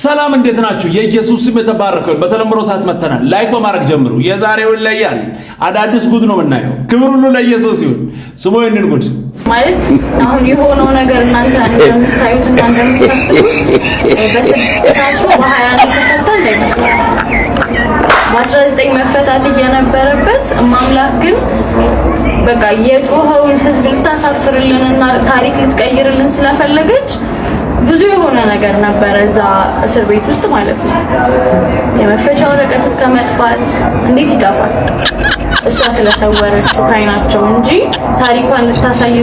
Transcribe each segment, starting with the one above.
ሰላም እንዴት ናችሁ? የኢየሱስ ስም የተባረከው። በተለምሮ ሰዓት መተናል። ላይክ በማድረግ ጀምሩ። የዛሬው ለያል አዳዲስ ጉድ ነው የምናየው። ክብር ሁሉ ለኢየሱስ ይሁን። ስሙ ይንን ጉድ ማለት አሁን የሆነው ነገር እናንተ እንደምታዩት እና መፈታት እየነበረበት ማምላክ ግን በቃ የጮኸውን ህዝብ ልታሳፍርልን ታሪክ ልትቀይርልን ስለፈለገች ብዙ የሆነ ነገር ነበረ እዛ እስር ቤት ውስጥ ማለት ነው። የመፈቻ ወረቀት እስከ መጥፋት እንዴት ይጠፋል? እሷ ስለሰወረችው ካይናቸው እንጂ ታሪኳን ልታሳይ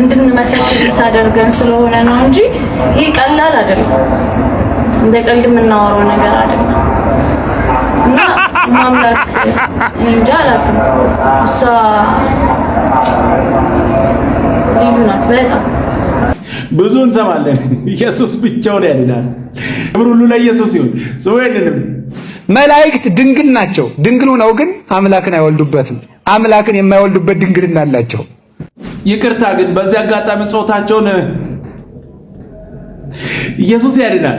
እንድንመሰክር ልታደርገን ስለሆነ ነው እንጂ ይሄ ቀላል አይደለም። እንደ ቀልድ የምናወራው ነገር አይደለም። እና ማምላክ እኔ እንጃ አላውቅም። እሷ ልዩ ናት በጣም ብዙ እንሰማለን። ኢየሱስ ብቻውን ያድናል። ክብር ሁሉ ለኢየሱስ ይሁን። ሰው መላእክት ድንግል ናቸው። ድንግል ሆነው ግን አምላክን አይወልዱበትም። አምላክን የማይወልዱበት ድንግልና አላቸው። ይቅርታ ግን በዚህ አጋጣሚ ጾታቸውን ኢየሱስ ያድናል።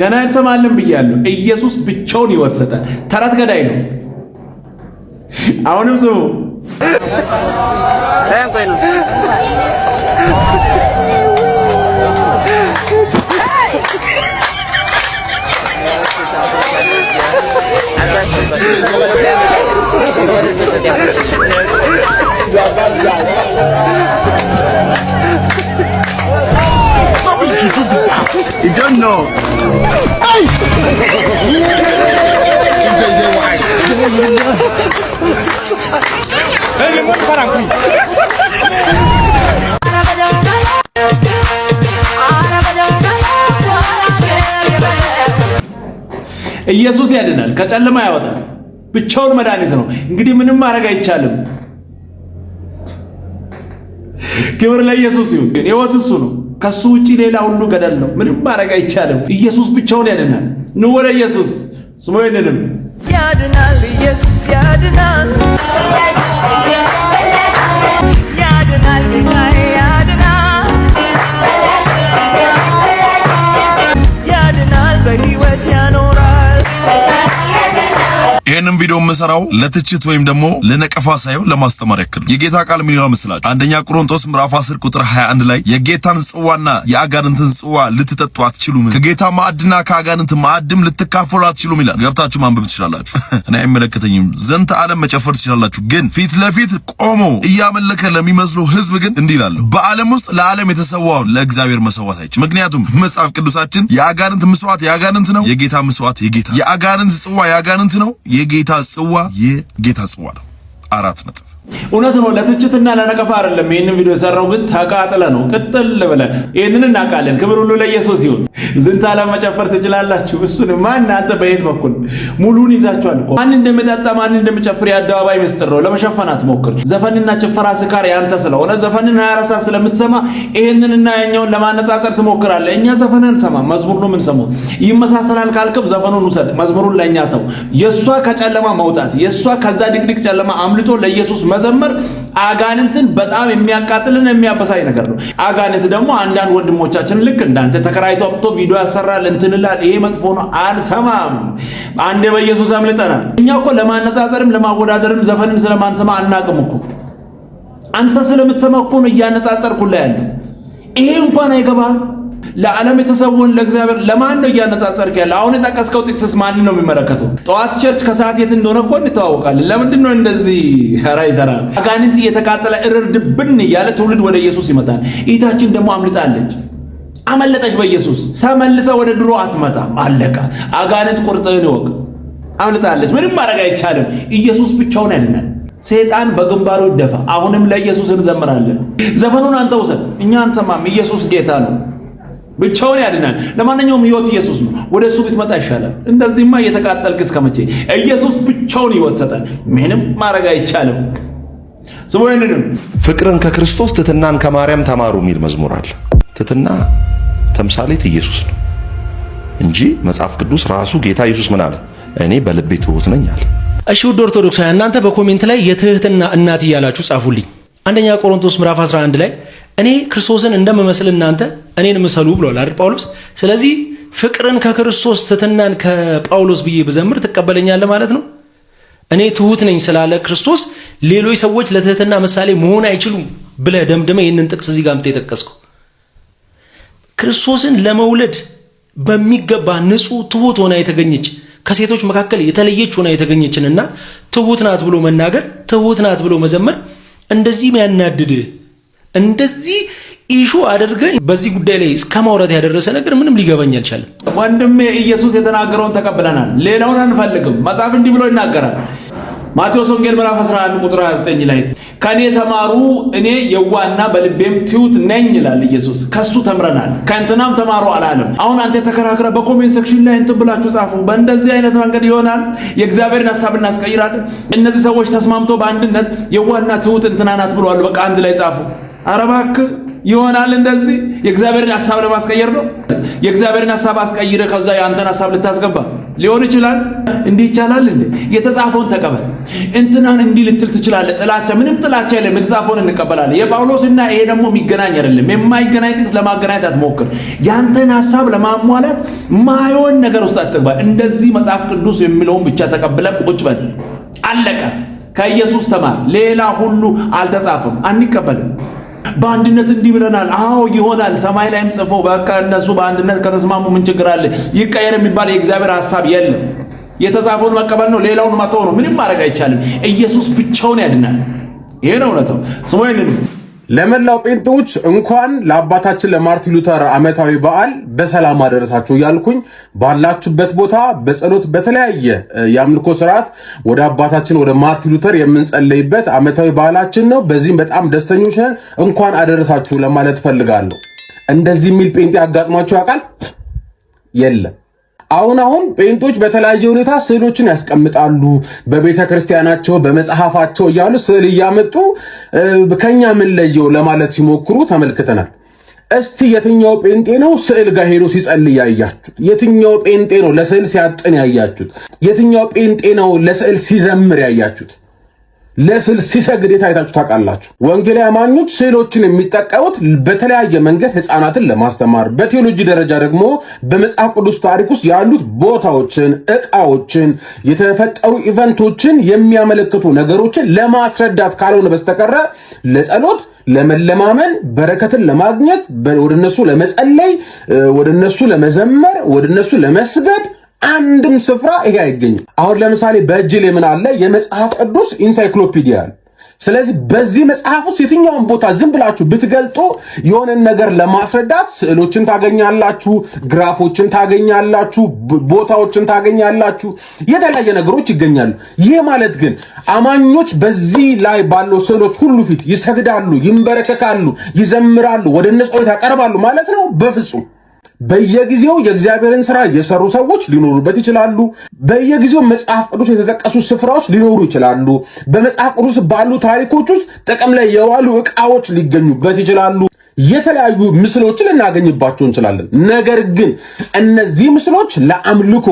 ገና እንሰማለን ብያለሁ። ኢየሱስ ብቻውን ሕይወት ሰጣል። ተረት ገዳይ ነው። አሁንም ስሙ You don't know. Hey! Hey, you ኢየሱስ ያድናል፣ ከጨለማ ያወጣል። ብቻውን መድኃኒት ነው። እንግዲህ ምንም ማድረግ አይቻልም። ክብር ለኢየሱስ ይሁን። ሕይወት እሱ ነው። ከሱ ውጪ ሌላ ሁሉ ገደል ነው። ምንም ማድረግ አይቻልም። ኢየሱስ ብቻውን ያድናል። ኑ ወደ ኢየሱስ ስሙ። ያድናል፣ ኢየሱስ ያድናል። ይህንም ቪዲዮ የምሰራው ለትችት ወይም ደግሞ ለነቀፋ ሳይሆን ለማስተማር ያክል የጌታ ቃል ምን ይላል መስላችሁ? አንደኛ ቆሮንቶስ ምዕራፍ 10 ቁጥር 21 ላይ የጌታን ጽዋና የአጋንንትን ጽዋ ልትጠጡ አትችሉም፣ ከጌታ ማዕድና ከአጋንንት ማዕድም ልትካፈሉ አትችሉም ይላል። ገብታችሁ ማንበብ ትችላላችሁ። እኔ አይመለከተኝም። ዘንተ ዓለም መጨፈር ትችላላችሁ፣ ግን ፊት ለፊት ቆሞ እያመለከ ለሚመስሉ ህዝብ ግን እንዲህ ይላል፣ በዓለም ውስጥ ለዓለም የተሰዋው ለእግዚአብሔር መሰዋት አይችልም። ምክንያቱም መጽሐፍ ቅዱሳችን የአጋንንት ምስዋዕት የአጋንንት ነው፣ የጌታ ምስዋዕት የጌታ የአጋንንት ጽዋ የአጋንንት ነው የጌታ ጽዋ የጌታ ጽዋ ነው። አራት ነጥብ እውነት ነው። ለትችትና ለነቀፋ አይደለም ይህንን ቪዲዮ የሰራው ግን ተቃጥለ ነው ቅጥል ብለ ይህንን እናውቃለን። ክብር ሁሉ ለኢየሱስ ይሁን። ዝንታ ለመጨፈር ትችላላችሁ። እሱን ማን አንተ በየት በኩል ሙሉን ይዛችኋል እኮ ማን እንደሚጠጣ ማን እንደሚጨፍር የአደባባይ ምስጢር ነው። ለመሸፈን አትሞክር። ዘፈንና ጭፈራ ስካር ያንተ ስለሆነ ዘፈንን ሀያረሳ ስለምትሰማ ይህንንና ያኛውን ለማነጻጸር ትሞክራለ። እኛ ዘፈን አንሰማ መዝሙር ነው የምንሰማው። ይመሳሰላል ካልክም ዘፈኑን ውሰድ፣ መዝሙሩን ለእኛ ተው። የእሷ ከጨለማ መውጣት የእሷ ከዛ ድቅድቅ ጨለማ አምልጦ ለኢየሱስ መዘመር አጋንንትን በጣም የሚያቃጥልን የሚያበሳይ ነገር ነው። አጋንንት ደግሞ አንዳንድ ወንድሞቻችን ልክ እንዳንተ ተከራይቶ አብቶ ቪዲዮ ያሰራል እንትንላል ይሄ መጥፎ ነው፣ አልሰማም። አንዴ በኢየሱስ አምልጠናል። እኛ እኮ ለማነጻጸርም ለማወዳደርም ዘፈንም ስለማንሰማ አናቅም እኮ አንተ ስለምትሰማ እኮ ነው እያነጻጸርኩላ ያለ ይሄ እንኳን አይገባም። ለዓለም የተሰውን ለእግዚአብሔር ለማን ነው እያነጻጸርክ ያለ? አሁን የጠቀስከው ጥቅስስ ማንን ነው የሚመለከተው? ጠዋት ቸርች ከሰዓት የት እንደሆነ እኮ እንተዋወቃለን። ለምንድን ነው እንደዚህ ራ ይዘራ አጋንንት እየተቃጠለ እርር ድብን እያለ ትውልድ ወደ ኢየሱስ ይመጣል። ኢታችን ደግሞ አምልጣለች አመለጠች በኢየሱስ ተመልሰ ወደ ድሮ አትመጣም። አለቃ አጋንንት ቁርጥህን ይወቅ። አምልጣለች። ምንም ማድረግ አይቻልም። ኢየሱስ ብቻውን ያድናል። ሰይጣን በግንባሩ ይደፋ። አሁንም ለኢየሱስ እንዘምራለን። ዘፈኑን አንተ ውሰድ፣ እኛ አንሰማም። ኢየሱስ ጌታ ነው። ብቻውን ያድናል። ለማንኛውም ህይወት ኢየሱስ ነው። ወደ እሱ ብትመጣ ይሻላል። እንደዚህማ እየተቃጠልክ እስከ መቼ? ኢየሱስ ብቻውን ህይወት ሰጠን። ምንም ማድረግ አይቻልም። ፍቅርን ከክርስቶስ ትትናን ከማርያም ተማሩ የሚል መዝሙር አለ። ትትና ተምሳሌት ኢየሱስ ነው እንጂ መጽሐፍ ቅዱስ ራሱ ጌታ ኢየሱስ ምን አለ? እኔ በልቤ ትሁት ነኝ አለ። እሺ ውድ ኦርቶዶክሳውያን እናንተ በኮሜንት ላይ የትህትና እናት እያላችሁ ጻፉልኝ። አንደኛ ቆሮንቶስ ምዕራፍ 11 ላይ እኔ ክርስቶስን እንደምመስል እናንተ እኔን ምሰሉ ብሏል አይደል ጳውሎስ። ስለዚህ ፍቅርን ከክርስቶስ ትትናን ከጳውሎስ ብዬ ብዘምር ትቀበለኛለህ ማለት ነው። እኔ ትሁት ነኝ ስላለ ክርስቶስ ሌሎች ሰዎች ለትሕትና ምሳሌ መሆን አይችሉም ብለህ ደምድመ ይህንን ጥቅስ እዚህ ጋር የጠቀስከው ክርስቶስን ለመውለድ በሚገባ ንጹሕ ትሁት ሆና የተገኘች ከሴቶች መካከል የተለየች ሆና የተገኘችን እና ትሁት ናት ብሎ መናገር ትሁት ናት ብሎ መዘመር እንደዚህ ያናድድ እንደዚህ ኢሹ አድርገኝ በዚህ ጉዳይ ላይ እስከ ማውራት ያደረሰ ነገር ምንም ሊገባኝ አልቻለም። ወንድሜ ኢየሱስ የተናገረውን ተቀብለናል። ሌላውን አንፈልግም። መጽሐፍ እንዲህ ብሎ ይናገራል። ማቴዎስ ወንጌል ምዕራፍ 11 ቁጥር 29 ላይ ከኔ ተማሩ እኔ የዋና በልቤም ትዩት ነኝ ይላል ኢየሱስ። ከሱ ተምረናል ከእንትናም ተማሩ አላለም። አሁን አንተ ተከራክረ በኮሜንት ሴክሽን ላይ እንትን ብላችሁ ጻፉ። በእንደዚህ አይነት መንገድ ይሆናል የእግዚአብሔርን ሀሳብ እናስቀይራለን። እነዚህ ሰዎች ተስማምቶ በአንድነት የዋና ትዩት እንትናናት ብለዋል። በቃ አንድ ላይ ጻፉ። አረባክ ይሆናል እንደዚህ የእግዚአብሔርን ሐሳብ ለማስቀየር ነው። የእግዚአብሔርን ሐሳብ አስቀይረ ከዛ የአንተን ሐሳብ ልታስገባ ሊሆን ይችላል። እንዲህ ይቻላል እንዴ? የተጻፈውን ተቀበል። እንትናን እንዲህ ልትል ትችላለህ። ጥላቻ ምንም ጥላቻ የለም። የተጻፈውን እንቀበላለን። የጳውሎስና ይሄ ደግሞ የሚገናኝ አይደለም። የማይገናኝ ጥቅስ ለማገናኘት አትሞክር። ያንተን ሐሳብ ለማሟላት ማይሆን ነገር ውስጥ አትግባ። እንደዚህ መጽሐፍ ቅዱስ የሚለውን ብቻ ተቀብለ ቁጭ በል። አለቀ። ከኢየሱስ ተማር። ሌላ ሁሉ አልተጻፈም፣ አንቀበልም። በአንድነት እንዲህ ብለናል። አዎ ይሆናል። ሰማይ ላይም ጽፎ በቃ እነሱ በአንድነት ከተስማሙ ምን ችግር አለ? ይቀየር የሚባል የእግዚአብሔር ሀሳብ የለም። የተጻፈውን መቀበል ነው፣ ሌላውን መተው ነው። ምንም ማድረግ አይቻልም። ኢየሱስ ብቻውን ያድናል። ይሄ ነው እውነታው። ስሙ ለመላው ጴንጤዎች እንኳን ለአባታችን ለማርቲን ሉተር ዓመታዊ በዓል በሰላም አደረሳችሁ እያልኩኝ ባላችሁበት ቦታ በጸሎት በተለያየ የአምልኮ ስርዓት ወደ አባታችን ወደ ማርቲን ሉተር የምንጸለይበት ዓመታዊ በዓላችን ነው። በዚህም በጣም ደስተኞች ነን። እንኳን አደረሳችሁ ለማለት ፈልጋለሁ። እንደዚህ የሚል ጴንጤ አጋጥሟችሁ ያውቃል? የለም። አሁን አሁን ጴንጦች በተለያየ ሁኔታ ስዕሎችን ያስቀምጣሉ በቤተ ክርስቲያናቸው በመጽሐፋቸው እያሉ ስዕል እያመጡ ከኛ ምን ለየው ለማለት ሲሞክሩ ተመልክተናል። እስቲ የትኛው ጴንጤ ነው ስዕል ጋር ሄዶ ሲጸልይ ያያችሁት? የትኛው ጴንጤ ነው ለስዕል ሲያጥን ያያችሁት? የትኛው ጴንጤ ነው ለስዕል ሲዘምር ያያችሁት? ለስል ሲሰግድ የታይታችሁ አይታችሁ ታውቃላችሁ? ወንጌላዊ አማኞች ስዕሎችን የሚጠቀሙት በተለያየ መንገድ ህፃናትን ለማስተማር፣ በቴዎሎጂ ደረጃ ደግሞ በመጽሐፍ ቅዱስ ታሪክ ውስጥ ያሉት ቦታዎችን፣ እቃዎችን የተፈጠሩ ኢቨንቶችን የሚያመለክቱ ነገሮችን ለማስረዳት ካልሆነ በስተቀረ ለጸሎት ለመለማመን በረከትን ለማግኘት ወደ እነሱ ለመጸለይ ወደ እነሱ ለመዘመር ወደ እነሱ ለመስገድ አንድም ስፍራ ይሄ አይገኝም። አሁን ለምሳሌ በእጅ ላይ ምን አለ? የመጽሐፍ ቅዱስ ኢንሳይክሎፒዲያ አለ። ስለዚህ በዚህ መጽሐፍ ውስጥ የትኛውን ቦታ ዝም ብላችሁ ብትገልጡ የሆነን ነገር ለማስረዳት ስዕሎችን ታገኛላችሁ፣ ግራፎችን ታገኛላችሁ፣ ቦታዎችን ታገኛላችሁ፣ የተለያየ ነገሮች ይገኛሉ። ይህ ማለት ግን አማኞች በዚህ ላይ ባለው ስዕሎች ሁሉ ፊት ይሰግዳሉ፣ ይንበረከካሉ፣ ይዘምራሉ፣ ወደ እነ ጸሎት ያቀርባሉ ማለት ነው? በፍጹም በየጊዜው የእግዚአብሔርን ስራ የሰሩ ሰዎች ሊኖሩበት ይችላሉ። በየጊዜው መጽሐፍ ቅዱስ የተጠቀሱ ስፍራዎች ሊኖሩ ይችላሉ። በመጽሐፍ ቅዱስ ባሉ ታሪኮች ውስጥ ጥቅም ላይ የዋሉ እቃዎች ሊገኙበት ይችላሉ። የተለያዩ ምስሎችን ልናገኝባቸው እንችላለን። ነገር ግን እነዚህ ምስሎች ለአምልኮ፣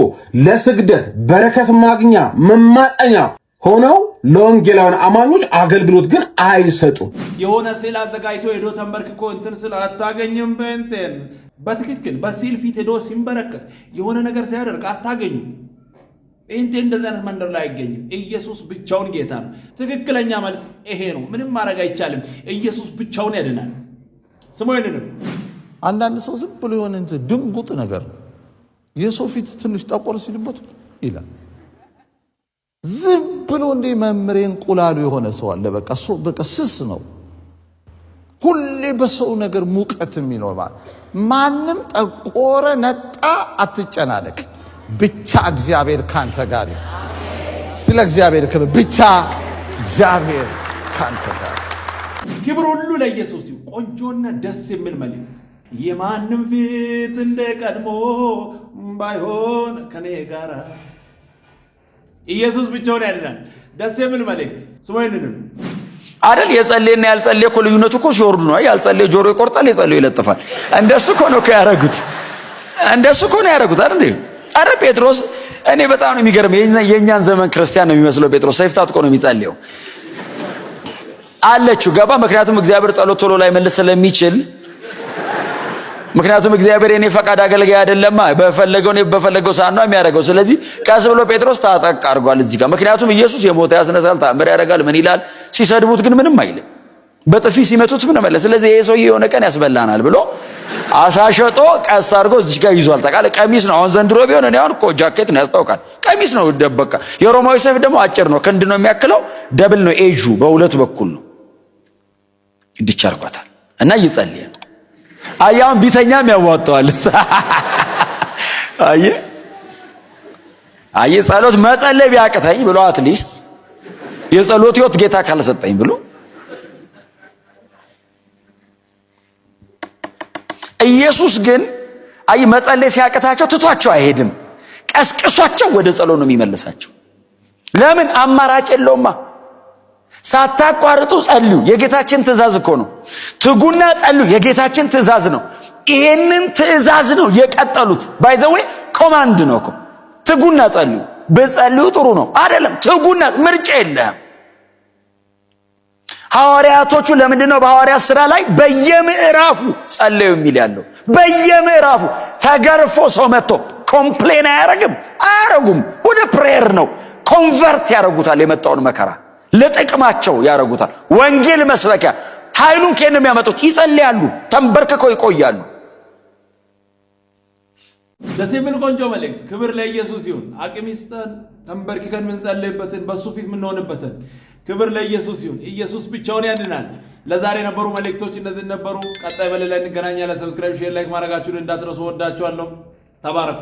ለስግደት፣ በረከት ማግኛ መማፀኛ ሆነው ለወንጌላውያን አማኞች አገልግሎት ግን አይሰጡም። የሆነ ስዕል አዘጋጅቶ ሄዶ ተንበርክኮ እንትን ስል አታገኝም። በንቴን በትክክል በሲል ፊት ሄዶ ሲንበረከት የሆነ ነገር ሲያደርግ አታገኙ። ይህንቴ እንደዚህ አይነት መንደር ላይ አይገኝም። ኢየሱስ ብቻውን ጌታ ነው። ትክክለኛ መልስ ይሄ ነው። ምንም ማድረግ አይቻልም። ኢየሱስ ብቻውን ያድናል። ስሙ ይድንም። አንዳንድ ሰው ዝም ብሎ የሆነ ድንጉጥ ነገር የሰው ፊት ትንሽ ጠቆር ሲልበት ይላል። ዝም ብሎ እንዲህ መምሬን ቁላሉ የሆነ ሰው አለ። በቃ ስስ ነው። ሁሌ በሰው ነገር ሙቀት የሚኖር ማንም ጠቆረ፣ ነጣ፣ አትጨናነቅ። ብቻ እግዚአብሔር ካንተ ጋር ይሁን። ስለ እግዚአብሔር ክብር ብቻ እግዚአብሔር ካንተ ጋር። ክብር ሁሉ ለኢየሱስ ይሁን። ቆንጆና ደስ የሚል መልእክት። የማንም ፊት እንደ ቀድሞ ባይሆን ከኔ ጋር ኢየሱስ ብቻውን ያድናል። ደስ የሚል መልእክት ስሞይንንም አይደል? የጸለየና ያልጸለየ እኮ ልዩነቱ እኮ ሲወርዱ ነው። ያልጸለየ ጆሮ ይቆርጣል፣ የጸለየ ይለጥፋል። እንደሱ እኮ ነው ያረጉት፣ እንደሱ እኮ ነው ያረጉት አይደል? አረ ጴጥሮስ እኔ በጣም ነው የሚገርም። የእኛን ዘመን ክርስቲያን ነው የሚመስለው ጴጥሮስ። ሰይፍታት እኮ ነው የሚጸልየው አለችው ገባ። ምክንያቱም እግዚአብሔር ጸሎት ቶሎ ላይ መልስ ስለሚችል ምክንያቱም እግዚአብሔር የኔ ፈቃድ አገልጋይ አይደለማ። በፈለገው በፈለገው ሰዓት ነው የሚያደርገው። ስለዚህ ቀስ ብሎ ጴጥሮስ ታጠቅ አድርጓል እዚህ ጋር። ምክንያቱም ኢየሱስ የሞተ ያስነሳል፣ ታምር ያደርጋል፣ ምን ይላል። ሲሰድቡት ግን ምንም አይልም። በጥፊ ሲመቱት ምን መለ። ስለዚህ ይሄ ሰውዬ የሆነ ቀን ያስበላናል ብሎ አሳሸጦ ቀስ አድርጎ እዚህ ጋር ይዟል። ጠቃለ ቀሚስ ነው። አሁን ዘንድሮ ቢሆን እኔ አሁን እኮ ጃኬት ነው ያስታውቃል። ቀሚስ ነው ደበቃ። የሮማዊ ሰይፍ ደግሞ አጭር ነው፣ ክንድ ነው የሚያክለው። ደብል ነው ኤጁ፣ በሁለት በኩል ነው። እንዲቻርጓታል እና ይጸልያል አያውን ቢተኛም ያዋጣዋል። አየ አየ ጸሎት መጸለይ ቢያቅተኝ ብሎ አትሊስት የጸሎት ህይወት ጌታ ካልሰጠኝ ብሎ ኢየሱስ ግን አይ መጸለይ ሲያቅታቸው ትቷቸው አይሄድም። ቀስቅሷቸው ወደ ጸሎት ነው የሚመልሳቸው። ለምን አማራጭ የለውማ። ሳታቋርጡ ጸልዩ። የጌታችን ትእዛዝ እኮ ነው። ትጉና ጸልዩ የጌታችን ትእዛዝ ነው። ይሄንን ትእዛዝ ነው የቀጠሉት። ባይዘዌ ኮማንድ ነው እኮ ትጉና ጸልዩ። ብጸልዩ ጥሩ ነው አይደለም? ትጉና ምርጫ የለህም። ሐዋርያቶቹ ለምንድን ነው በሐዋርያት ሥራ ላይ በየምዕራፉ ጸለዩ የሚል ያለው? በየምዕራፉ ተገርፎ ሰው መጥቶ ኮምፕሌን አያረግም አያረጉም። ወደ ፕሬየር ነው ኮንቨርት ያደረጉታል የመጣውን መከራ ለጥቅማቸው ያደርጉታል። ወንጌል መስበኪያ ኃይሉን ከየት ነው የሚያመጡት? ይጸልያሉ፣ ተንበርክከው ይቆያሉ። ደስ የሚል ቆንጆ መልእክት። ክብር ለኢየሱስ ይሁን። አቅም ይስጠን፣ ተንበርክከን የምንጸልይበትን በሱፊት ፊት የምንሆንበትን ክብር ለኢየሱስ ይሁን። ኢየሱስ ብቻውን ያድናል። ለዛሬ የነበሩ መልእክቶች እነዚህ ነበሩ። ቀጣይ በሌላ እንገናኛለን። ሰብስክራይብ፣ ሼር፣ ላይክ ማድረጋችሁን እንዳትረሱ። ወዳችኋለሁ። ተባረኩ።